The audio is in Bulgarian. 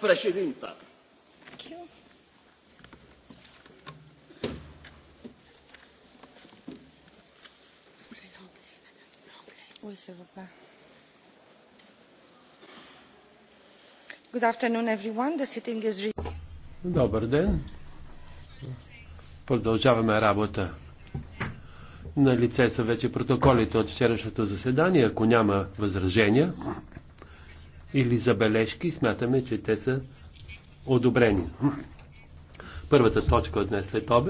președintă. Добър ден. Продължаваме работа. На лице са вече протоколите от вчерашното заседание. Ако няма възражения, или забележки, смятаме, че те са одобрени. Първата точка от днес след обед